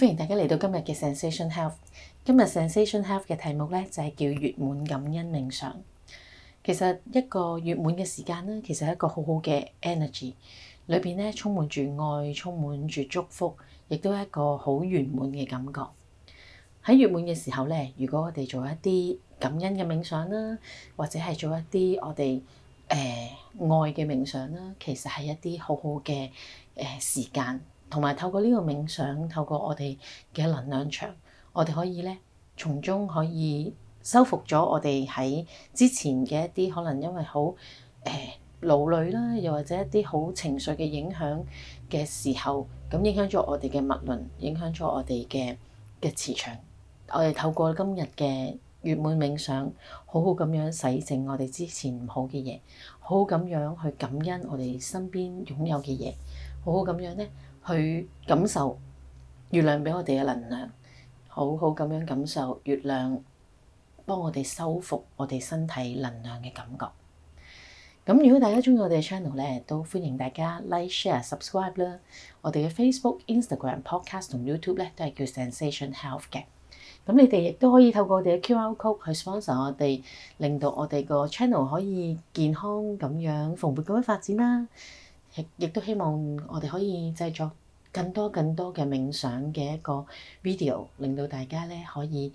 歡迎大家嚟到今日嘅 Zensation Health。今日 Zensation Health 嘅題目呢就係叫月滿感恩冥想。其實一個月滿嘅時間呢，其實係一個好好嘅 energy，裏邊呢充滿住愛，充滿住祝福，亦都係一個好圓滿嘅感覺。喺月滿嘅時候呢，如果我哋做一啲感恩嘅冥想啦，或者係做一啲我哋誒愛嘅冥想啦，其實係一啲好好嘅誒時間。同埋透過呢個冥想，透過我哋嘅能量場，我哋可以呢，從中可以修復咗我哋喺之前嘅一啲可能因為好誒勞累啦，又或者一啲好情緒嘅影響嘅時候，咁影響咗我哋嘅脈輪，影響咗我哋嘅嘅磁場。我哋透過今日嘅月滿冥想，好好咁樣洗淨我哋之前唔好嘅嘢，好好咁樣去感恩我哋身邊擁有嘅嘢，好好咁樣呢。去感受月亮俾我哋嘅能量，好好咁樣感受月亮幫我哋修復我哋身體能量嘅感覺。咁如果大家中意我哋嘅 channel 咧，都歡迎大家 like、share、subscribe 啦。我哋嘅 Facebook、Instagram、Podcast 同 YouTube 咧都係叫 Zensation Health 嘅。咁你哋亦都可以透過我哋嘅 QR code 去 sponsor 我哋，令到我哋個 channel 可以健康咁樣蓬勃咁樣發展啦。亦都希望我哋可以製作更多更多嘅冥想嘅一個 video，令到大家咧可以誒、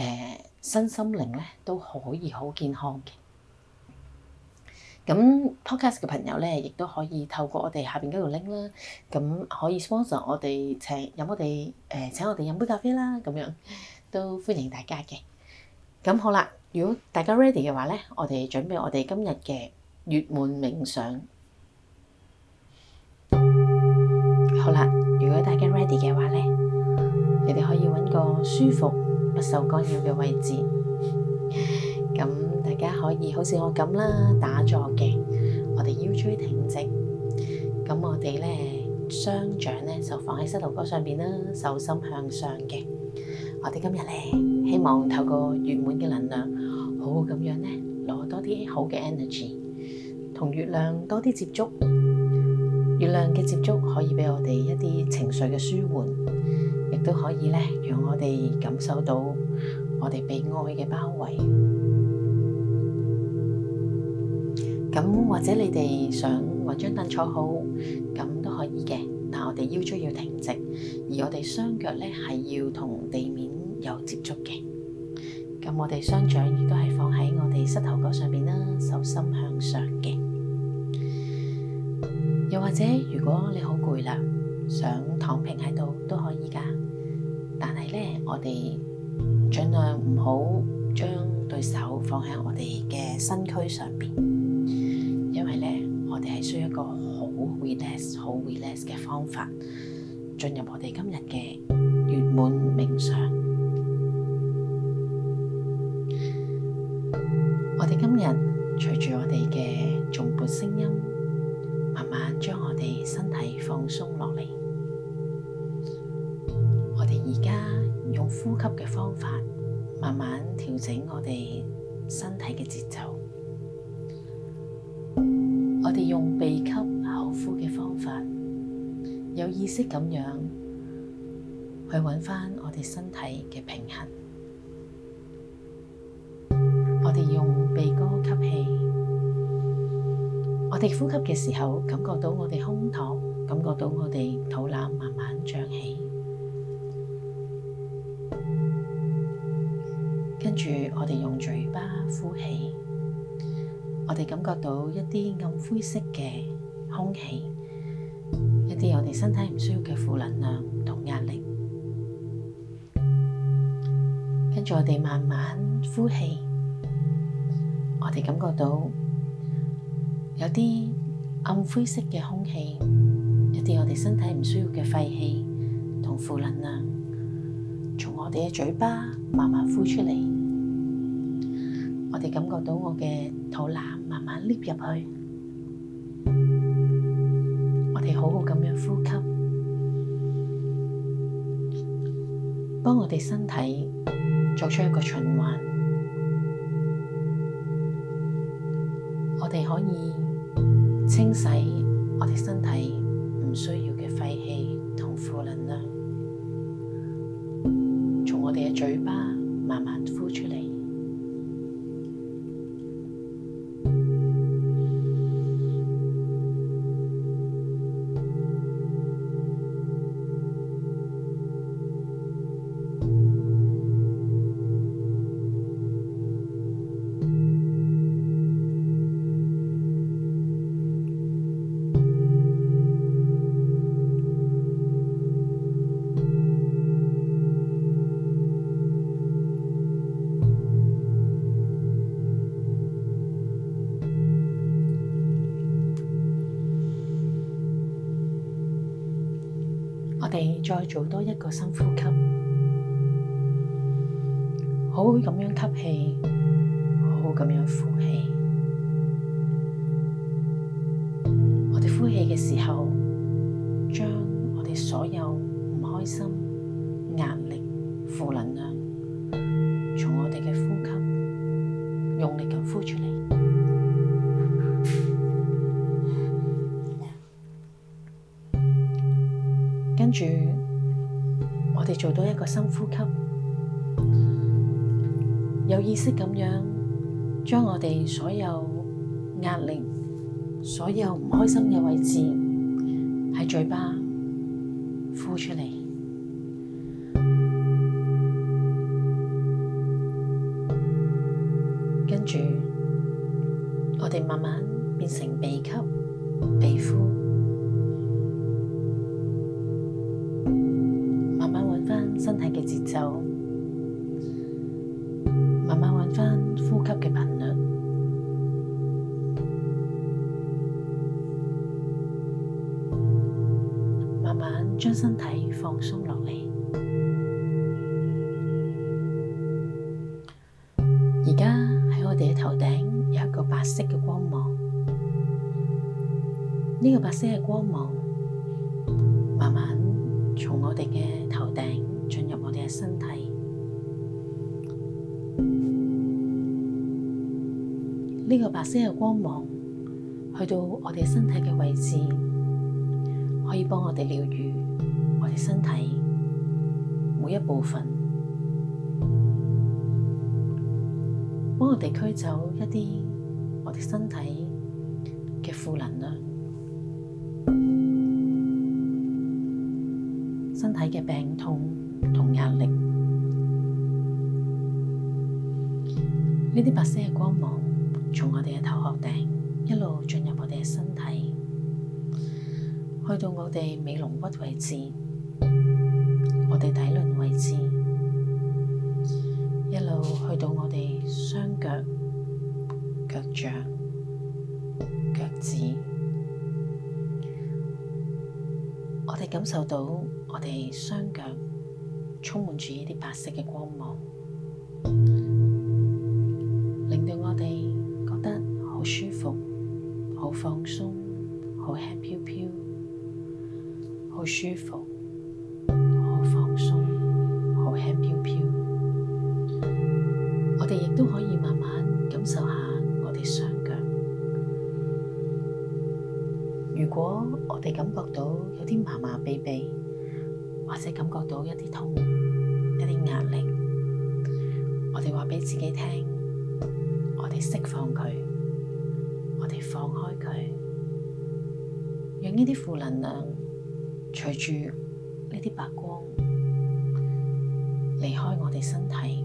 呃、身心靈咧都可以好健康嘅。咁 podcast 嘅朋友咧，亦都可以透過我哋下邊嗰個 link 啦，咁可以 sponsor 我哋，請飲我哋誒、呃、請我哋飲杯咖啡啦，咁樣都歡迎大家嘅。咁好啦，如果大家 ready 嘅話咧，我哋準備我哋今日嘅月滿冥想。嘅話咧，你哋可以揾個舒服、不受干擾嘅位置，咁 大家可以好似我咁啦，打坐嘅，我哋腰椎挺直，咁我哋咧雙掌咧就放喺膝頭哥上邊啦，手心向上嘅。我哋今日咧希望透過圓滿嘅能量，好好咁樣咧攞多啲好嘅 energy，同月亮多啲接觸。月亮嘅接觸可以俾我哋一啲情緒嘅舒緩，亦都可以呢，讓我哋感受到我哋被愛嘅包圍。咁 或者你哋想揾張凳坐好，咁都可以嘅。但我哋腰椎要挺直，而我哋雙腳呢係要同地面有接觸嘅。咁我哋雙掌亦都係放喺我哋膝頭哥上面啦，手心向上嘅。又或者如果你好攰啦，想躺平喺度都可以㗎，但係咧，我哋盡量唔好將對手放喺我哋嘅身軀上邊，因為咧，我哋係需要一個好 relax、好 relax 嘅方法，進入我哋今日嘅月滿冥想。放鬆落嚟，我哋而家用呼吸嘅方法，慢慢調整我哋身體嘅節奏。我哋用鼻吸口呼嘅方法，有意識咁樣去揾翻我哋身體嘅平衡。我哋用鼻哥吸氣，我哋呼吸嘅時候感覺到我哋胸膛。感覺到我哋肚腩慢慢漲起，跟住我哋用嘴巴呼氣，我哋感覺到一啲暗灰色嘅空氣，一啲我哋身體唔需要嘅負能量同壓力，跟住我哋慢慢呼氣，我哋感覺到有啲暗灰色嘅空氣。一啲我哋身體唔需要嘅廢氣同負能量，從我哋嘅嘴巴慢慢呼出嚟。我哋感覺到我嘅肚腩慢慢沉入去，我哋好好咁樣呼吸，幫我哋身體作出一個循環。我哋可以清洗我哋身體。需要嘅廢氣同負能量，從我哋嘅嘴巴慢慢呼出嚟。再做多一個深呼吸，好好咁樣吸氣，好好咁樣呼氣。我哋呼氣嘅時候，將我哋所有唔開心、壓力、負能量。做多一個深呼吸，有意識咁樣將我哋所有壓力、所有唔開心嘅位置喺嘴巴。慢慢將身體放鬆落嚟。而家喺我哋嘅頭頂有一個白色嘅光芒，呢個白色嘅光芒慢慢從我哋嘅頭頂進入我哋嘅身體。呢個白色嘅光芒去到我哋身體嘅位置。可以幫我哋療癒我哋身體每一部分，幫我哋驅走一啲我哋身體嘅負能量、身體嘅病痛同壓力。呢啲白色嘅光芒從我哋嘅頭殼頂一路進入我哋嘅身體。去到我哋尾龍骨位置，我哋底輪位置，一路去到我哋雙腳、腳掌、腳趾，我哋感受到我哋雙腳充滿住呢啲白色嘅光芒。如果我哋感覺到有啲麻麻痺痺，或者感覺到一啲痛、一啲壓力，我哋話畀自己聽，我哋釋放佢，我哋放開佢，讓呢啲負能量隨住呢啲白光離開我哋身體，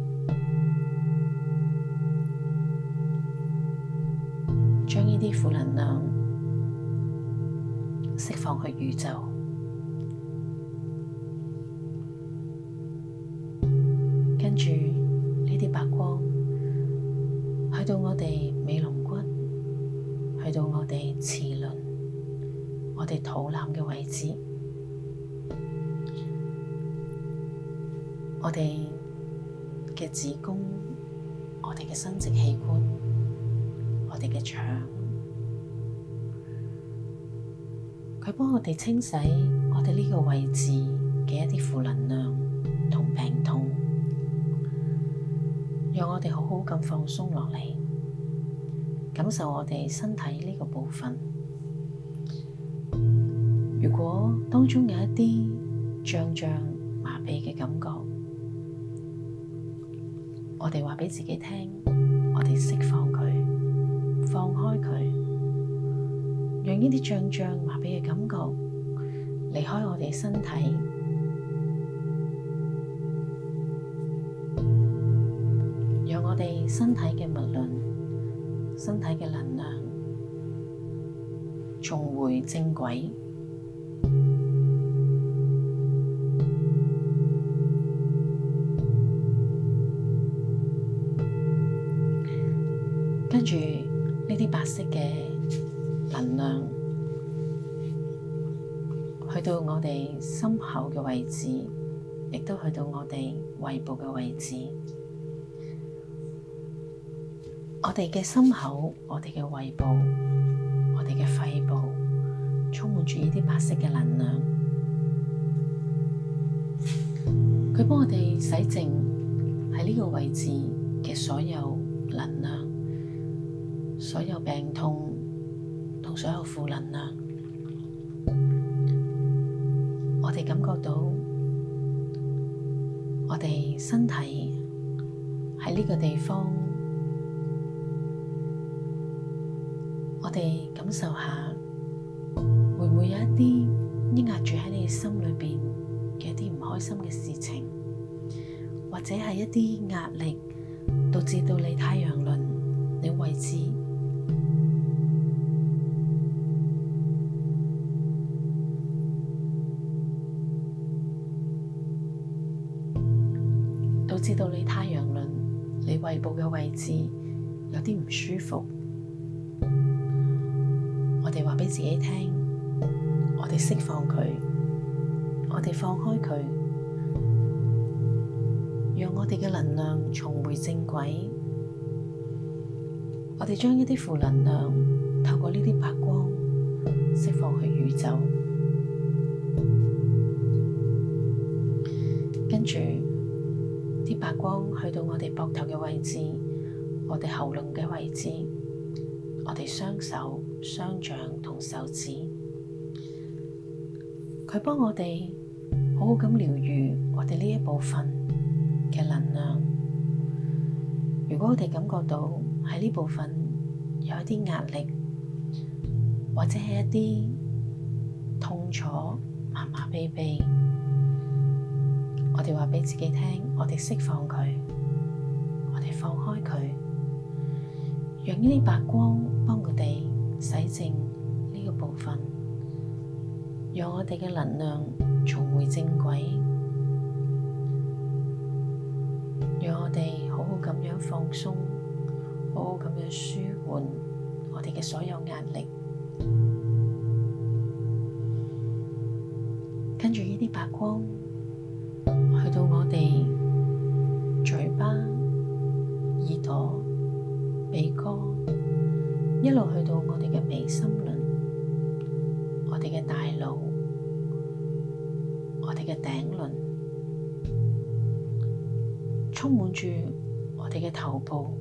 將呢啲負能量。釋放去宇宙，跟住呢啲白光去到我哋尾龍骨，去到我哋臍輪，我哋肚腩嘅位置，我哋嘅子宮，我哋嘅生殖器官，我哋嘅腸。佢幫我哋清洗我哋呢個位置嘅一啲負能量同病痛，讓我哋好好咁放鬆落嚟，感受我哋身體呢個部分。如果當中有一啲脹脹麻痹嘅感覺，我哋話畀自己聽，我哋釋放佢，放開佢。讓呢啲脹脹麻痹嘅感覺離開我哋身體，讓我哋身體嘅脈輪、身體嘅能量重回正軌。我哋心口嘅位置，亦都去到我哋胃部嘅位置。我哋嘅心口、我哋嘅胃部、我哋嘅肺部，充滿住呢啲白色嘅能量。佢幫我哋洗淨喺呢個位置嘅所有能量、所有病痛同所有負能量。你感覺到我哋身體喺呢個地方，我哋感受下，會唔會有一啲抑壓住喺你心裏邊嘅一啲唔開心嘅事情，或者係一啲壓力導致到你太陽輪你位置？背部嘅位置有啲唔舒服，我哋話畀自己聽，我哋釋放佢，我哋放開佢，讓我哋嘅能量重回正軌。我哋將一啲負能量透過呢啲白光釋放去宇宙，跟住。啲白光去到我哋膊頭嘅位置，我哋喉嚨嘅位置，我哋雙手、雙掌同手指，佢幫我哋好好咁療愈我哋呢一部分嘅能量。如果我哋感覺到喺呢部分有一啲壓力，或者係一啲痛楚，麻麻痹痹。我哋話畀自己聽，我哋釋放佢，我哋放開佢，讓呢啲白光幫我哋洗淨呢個部分，讓我哋嘅能量重回正軌，讓我哋好好咁樣放鬆，好好咁樣舒緩我哋嘅所有壓力，跟住呢啲白光。去到我哋嘴巴、耳朵、鼻哥，一路去到我哋嘅眉心輪、我哋嘅大腦、我哋嘅頂輪，充滿住我哋嘅頭部。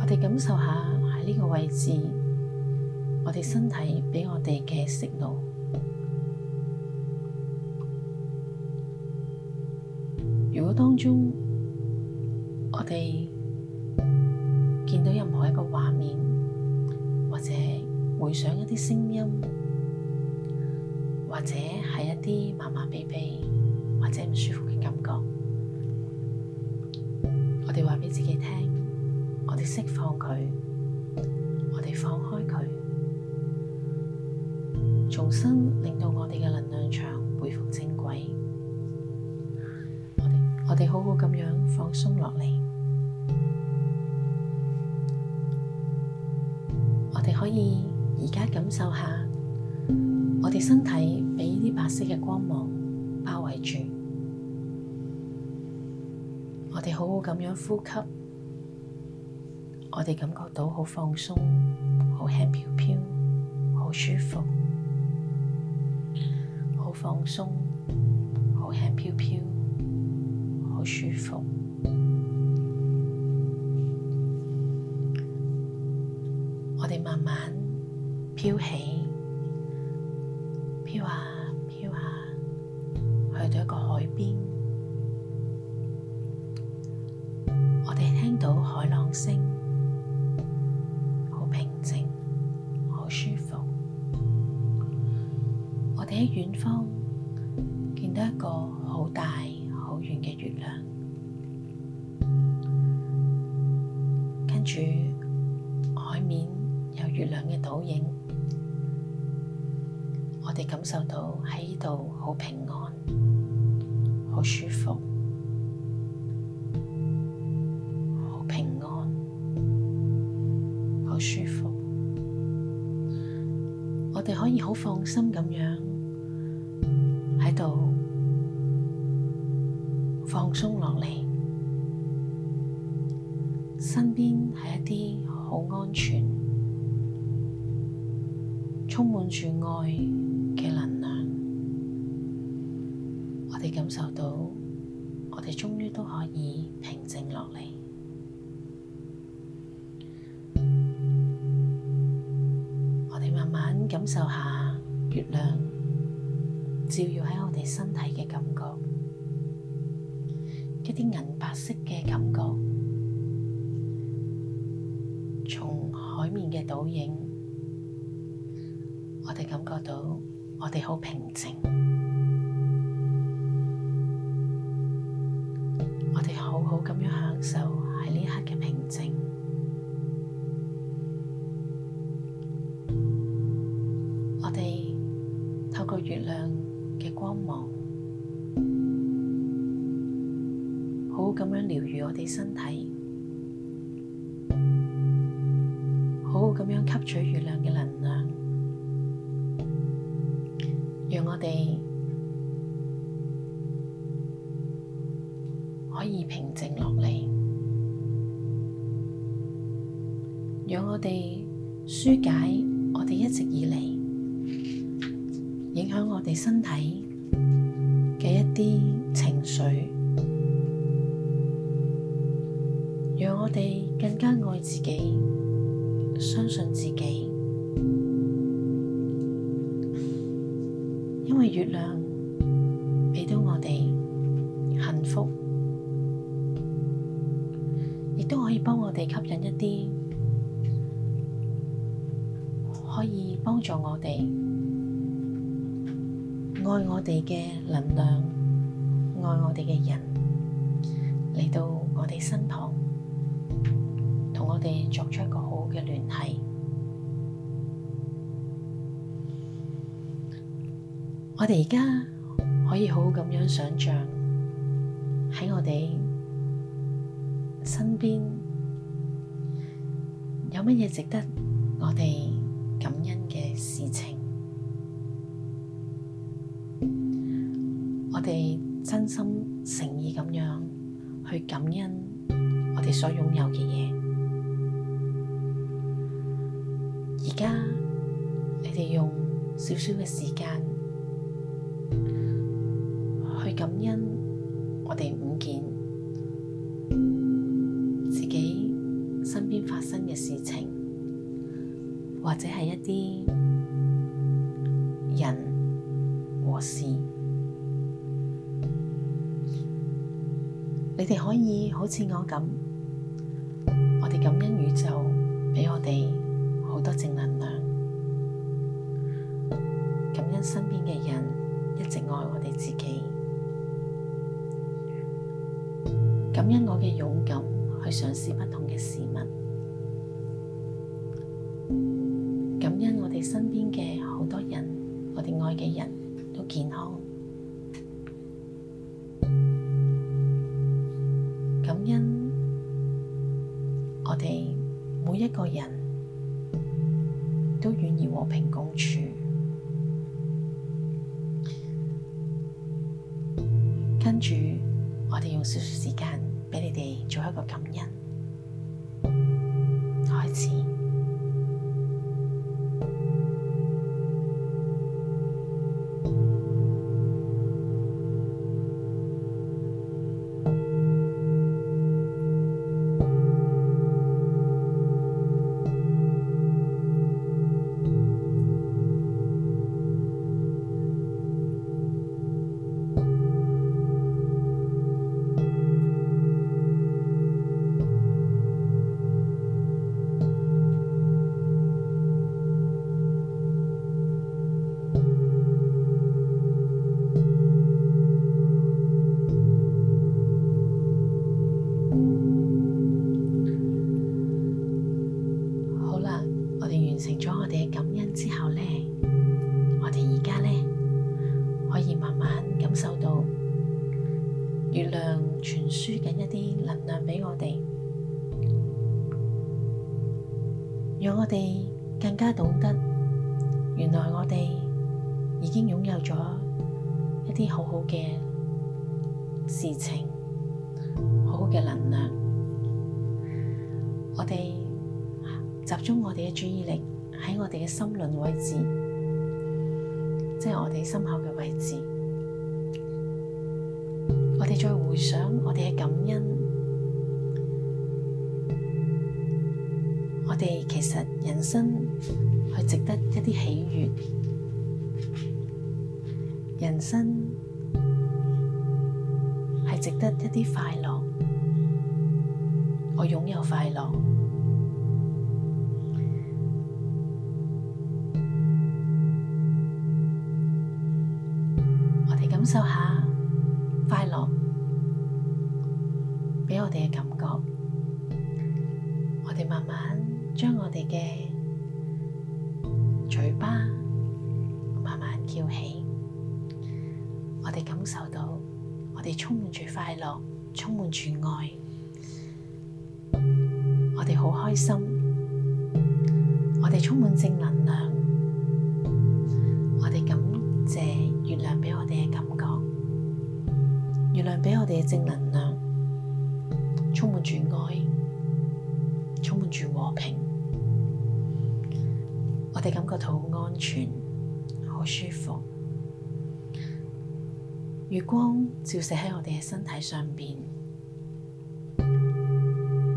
我哋感受下喺呢個位置，我哋身體畀我哋嘅訊號。當中，我哋見到任何一個畫面，或者回想一啲聲音，或者係一啲麻麻痺痺，或者唔舒服嘅感覺，我哋話畀自己聽，我哋釋放佢，我哋放開佢，重新令到我哋嘅能量場回復正。我哋好好咁樣放鬆落嚟，我哋可以而家感受下，我哋身體被呢啲白色嘅光芒包圍住，我哋好好咁樣呼吸，我哋感覺到好放鬆，好輕飄飄，好舒服，好放鬆，好輕飄飄。好舒服，我哋慢慢飄起。喺呢度好平安，好舒服，好平安，好舒服。我哋可以好放心咁樣喺度放鬆落嚟，身邊係一啲好安全，充滿住愛。感受到，我哋終於都可以平靜落嚟。我哋慢慢感受下月亮照耀喺我哋身體嘅感覺，一啲銀白色嘅感覺，從海面嘅倒影，我哋感覺到我哋好平靜。好好咁樣享受喺呢一刻嘅平靜，我哋透過月亮嘅光芒，好好咁樣療愈我哋身體，好好咁樣吸取月亮嘅能量，讓我哋。我哋紓解我哋一直以嚟影響我哋身體嘅一啲情緒，讓我哋更加愛自己，相信自己，因為月亮。我哋愛我哋嘅能量，愛我哋嘅人，嚟到我哋身旁，同我哋作出一個好嘅聯繫。我哋而家可以好好咁樣想象喺我哋身邊有乜嘢值得我哋。感恩嘅事情，我哋真心誠意咁樣去感恩我哋所擁有嘅嘢。而家，你哋用少少嘅時間。或者係一啲人和事，你哋可以好似我咁，我哋感恩宇宙畀我哋好多正能量，感恩身邊嘅人一直愛我哋自己，感恩我嘅勇敢去嘗試不同嘅事物。身邊嘅好多人，我哋愛嘅人都健康，感恩我哋每一個人都願意和平共處。跟住，我哋用少少時間畀你哋做一個感恩。讓我哋更加懂得，原來我哋已經擁有咗一啲好好嘅事情，好好嘅能量。其實人生係值得一啲喜悦，人生係值得一啲快樂。我擁有快樂，我哋感受下快樂畀我哋嘅感覺，我哋慢慢。將我哋嘅嘴巴慢慢翹起，我哋感受到我哋充滿住快樂，充滿住愛，我哋好開心，我哋充滿正能量，我哋感謝月亮畀我哋嘅感覺，月亮畀我哋嘅正能量。你感覺到好安全，好舒服。月光照射喺我哋嘅身體上邊，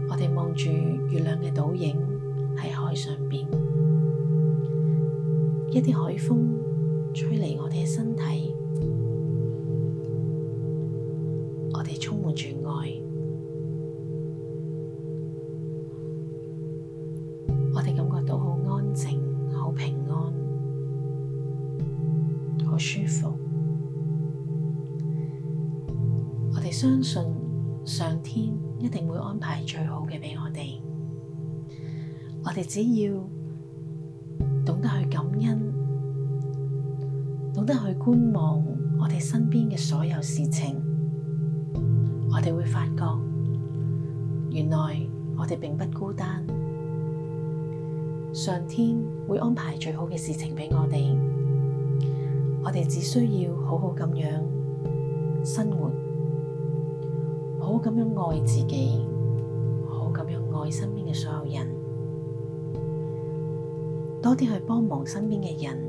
我哋望住月亮嘅倒影喺海上邊。一啲海風吹嚟，我哋嘅身體，我哋充滿住愛。定會安排最好嘅畀我哋，我哋只要懂得去感恩，懂得去觀望我哋身邊嘅所有事情，我哋會發覺原來我哋並不孤單，上天會安排最好嘅事情畀我哋，我哋只需要好好咁樣生活。好咁樣愛自己，好咁樣愛身邊嘅所有人，多啲去幫忙身邊嘅人，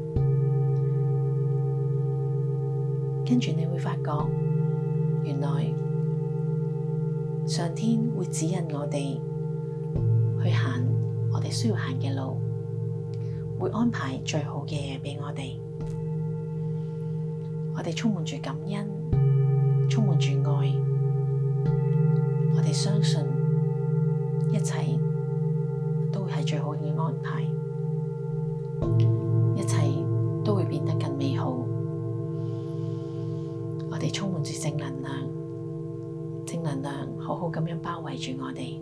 跟住你會發覺，原來上天會指引我哋去行我哋需要行嘅路，會安排最好嘅嘢俾我哋，我哋充滿住感恩，充滿住愛。我哋相信一切都會係最好嘅安排，一切都會變得更美好。我哋充滿住正能量，正能量好好咁樣包圍住我哋。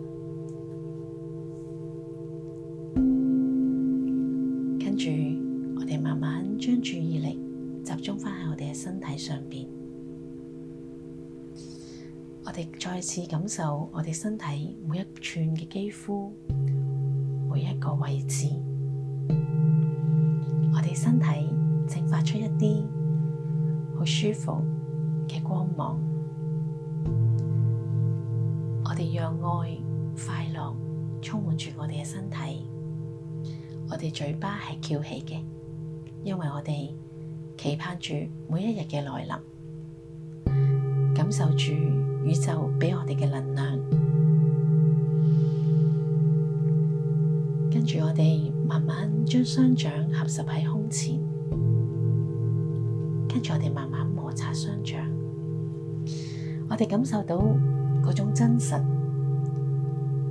跟住我哋慢慢將注意力集中返喺我哋嘅身體上邊。我哋再次感受我哋身體每一寸嘅肌膚，每一個位置。我哋身體正發出一啲好舒服嘅光芒。我哋讓愛快樂、快樂充滿住我哋嘅身體。我哋嘴巴係翹起嘅，因為我哋期盼住每一日嘅來臨，感受住。宇宙畀我哋嘅能量，跟住我哋慢慢將雙掌合十喺胸前，跟住我哋慢慢摩擦雙掌，我哋感受到嗰種真實，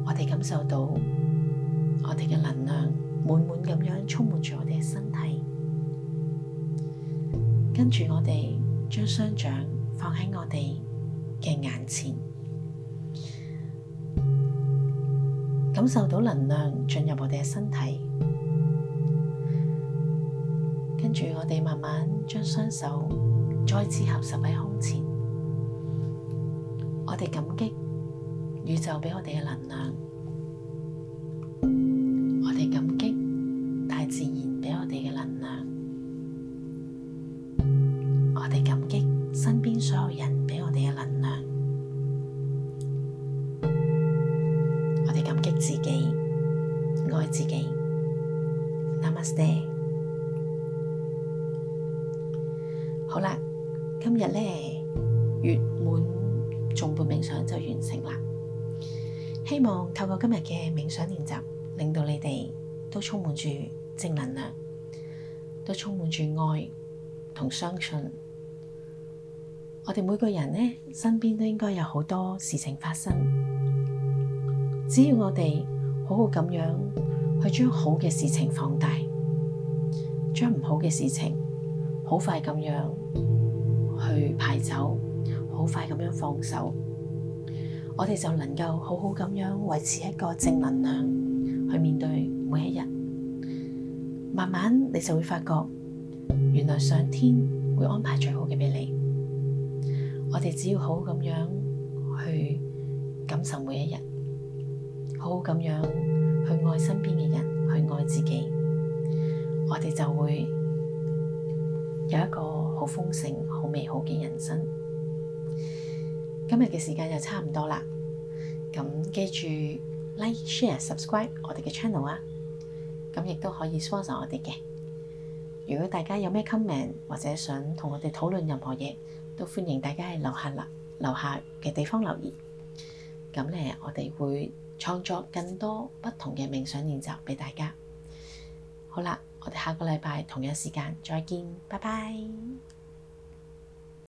我哋感受到我哋嘅能量滿滿咁樣充滿住我哋嘅身體，跟住我哋將雙掌放喺我哋。嘅眼前，感受到能量進入我哋嘅身體，跟住我哋慢慢將雙手再次合十喺胸前，我哋感激宇宙畀我哋嘅能量。自己愛自己。Namaste。好啦，今日咧月滿頌缽冥想就完成啦。希望透過今日嘅冥想練習，令到你哋都充滿住正能量，都充滿住愛同相信。我哋每個人咧，身邊都應該有好多事情發生。只要我哋好好咁樣去將好嘅事情放大，將唔好嘅事情好快咁樣去排走，好快咁樣放手，我哋就能夠好好咁樣維持一個正能量去面對每一日。慢慢你就會發覺，原來上天會安排最好嘅俾你。我哋只要好好咁樣去感受每一日。好咁樣去愛身邊嘅人，去愛自己，我哋就會有一個好豐盛、好美好嘅人生。今日嘅時間就差唔多啦，咁記住 like、share、subscribe 我哋嘅 channel 啊！咁亦都可以 support 我哋嘅。如果大家有咩 comment 或者想同我哋討論任何嘢，都歡迎大家喺樓下樓下嘅地方留言。咁咧，我哋會創作更多不同嘅冥想練習俾大家。好啦，我哋下個禮拜同一時間再見，拜拜。